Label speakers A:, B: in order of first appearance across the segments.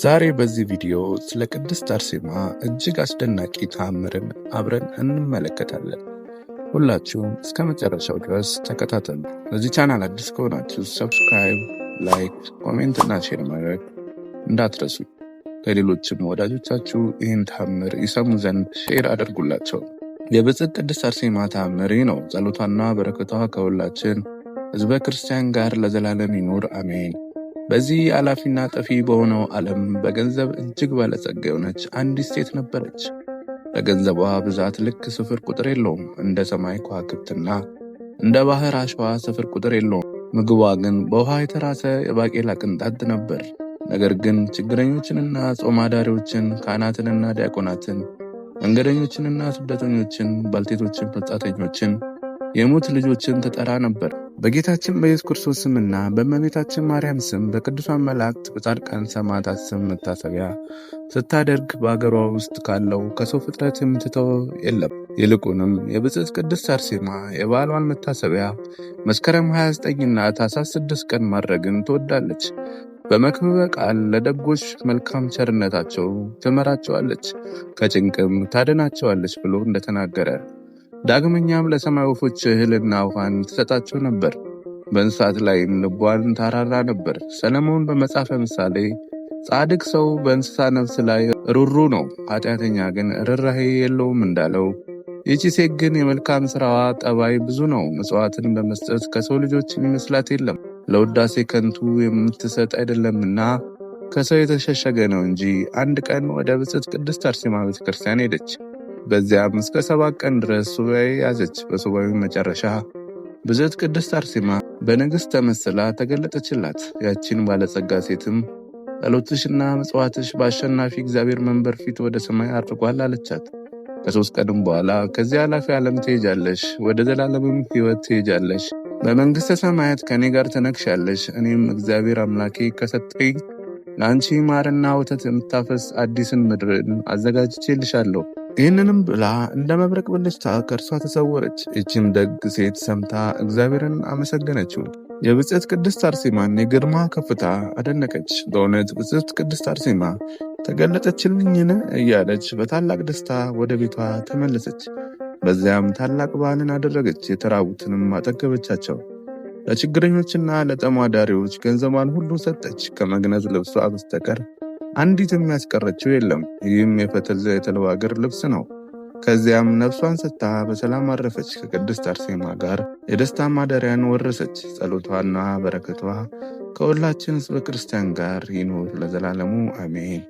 A: ዛሬ በዚህ ቪዲዮ ስለ ቅድስት አርሴማ እጅግ አስደናቂ ተአምርን አብረን እንመለከታለን። ሁላችሁም እስከ መጨረሻው ድረስ ተከታተሉ። በዚህ ቻናል አዲስ ከሆናችሁ ሰብስክራይብ፣ ላይክ፣ ኮሜንት እና ሼር ማድረግ እንዳትረሱ። ከሌሎችም ወዳጆቻችሁ ይህን ተአምር ይሰሙ ዘንድ ሼር አድርጉላቸው። የብፅዕት ቅድስት አርሴማ ተአምር ነው። ጸሎቷና በረከቷ ከሁላችን ህዝበ ክርስቲያን ጋር ለዘላለም ይኑር አሜን። በዚህ አላፊና ጠፊ በሆነው ዓለም በገንዘብ እጅግ ባለጸጋ የሆነች አንዲት ሴት ነበረች። ለገንዘቧ ብዛት ልክ ስፍር ቁጥር የለውም። እንደ ሰማይ ከዋክብትና እንደ ባህር አሸዋ ስፍር ቁጥር የለውም። ምግቧ ግን በውሃ የተራሰ የባቄላ ቅንጣት ነበር። ነገር ግን ችግረኞችንና ጾም አዳሪዎችን፣ ካህናትንና ዲያቆናትን፣ መንገደኞችንና ስደተኞችን፣ ባልቴቶችን፣ ፈጻተኞችን የሙት ልጆችን ትጠራ ነበር። በጌታችን በኢየሱስ ክርስቶስ ስምና በእመቤታችን ማርያም ስም በቅዱሳን መላእክት በጻድቃን ሰማዕታት ስም መታሰቢያ ስታደርግ በአገሯ ውስጥ ካለው ከሰው ፍጥረት የምትተው የለም። ይልቁንም የብፅዕት ቅድስት አርሴማ የበዓሏን መታሰቢያ መስከረም 29ና ታኅሳስ 6 ቀን ማድረግን ትወዳለች። በመክብበ ቃል ለደጎች መልካም ቸርነታቸው ትመራቸዋለች፣ ከጭንቅም ታድናቸዋለች ብሎ እንደተናገረ ዳግመኛም ለሰማይ ወፎች እህልና ውሃን ትሰጣቸው ነበር፣ በእንስሳት ላይም ልቧን ታራራ ነበር። ሰለሞን በመጽሐፈ ምሳሌ ጻድቅ ሰው በእንስሳ ነፍስ ላይ ሩሩ ነው፣ ኃጢአተኛ ግን ርኅራኄ የለውም እንዳለው ይቺ ሴት ግን የመልካም ሥራዋ ጠባይ ብዙ ነው። መሥዋዕትን በመስጠት ከሰው ልጆች የሚመስላት የለም። ለውዳሴ ከንቱ የምትሰጥ አይደለምና ከሰው የተሸሸገ ነው እንጂ። አንድ ቀን ወደ ብጽዕት ቅድስት አርሴማ ቤተ ክርስቲያን ሄደች። በዚያም እስከ ሰባት ቀን ድረስ ሱባኤ ያዘች። በሱባኤ መጨረሻ ብዝዕት ቅድስት አርሴማ በንግሥት ተመስላ ተገለጠችላት። ያቺን ባለጸጋ ሴትም ጸሎትሽና መጽዋትሽ በአሸናፊ እግዚአብሔር መንበር ፊት ወደ ሰማይ አድርጓል አለቻት። ከሦስት ቀንም በኋላ ከዚያ ኃላፊ ዓለም ትሄጃለሽ፣ ወደ ዘላለምም ሕይወት ትሄጃለሽ። በመንግሥተ ሰማያት ከእኔ ጋር ተነግሻለሽ። እኔም እግዚአብሔር አምላኬ ከሰጠኝ ለአንቺ ማርና ወተት የምታፈስ አዲስን ምድርን አዘጋጅቼልሻለሁ። ይህንንም ብላ እንደ መብረቅ ብልጭታ ከእርሷ ተሰወረች። ይችም ደግ ሴት ሰምታ እግዚአብሔርን አመሰገነችው። የብጽዕት ቅድስት አርሴማን የግርማ ከፍታ አደነቀች። በእውነት ብጽዕት ቅድስት አርሴማ ተገለጠችልኝን እያለች በታላቅ ደስታ ወደ ቤቷ ተመለሰች። በዚያም ታላቅ በዓልን አደረገች። የተራቡትንም አጠገበቻቸው። ለችግረኞችና ለጠማዳሪዎች ገንዘቧን ሁሉ ሰጠች። ከመግነዝ ልብሷ በስተቀር አንዲት የሚያስቀረችው የለም። ይህም የፈትል የተልባ እግር ልብስ ነው። ከዚያም ነፍሷን ሰታ በሰላም አረፈች። ከቅድስት አርሴማ ጋር የደስታ ማደሪያን ወረሰች። ጸሎቷና በረከቷ ከሁላችን ሕዝበ ክርስቲያን ጋር ይኑር ለዘላለሙ አሜን።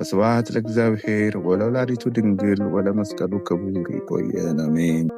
A: ወስብሐት ለእግዚአብሔር ወለወላዲቱ ድንግል ወለመስቀሉ ክቡር። ይቆየን። አሜን።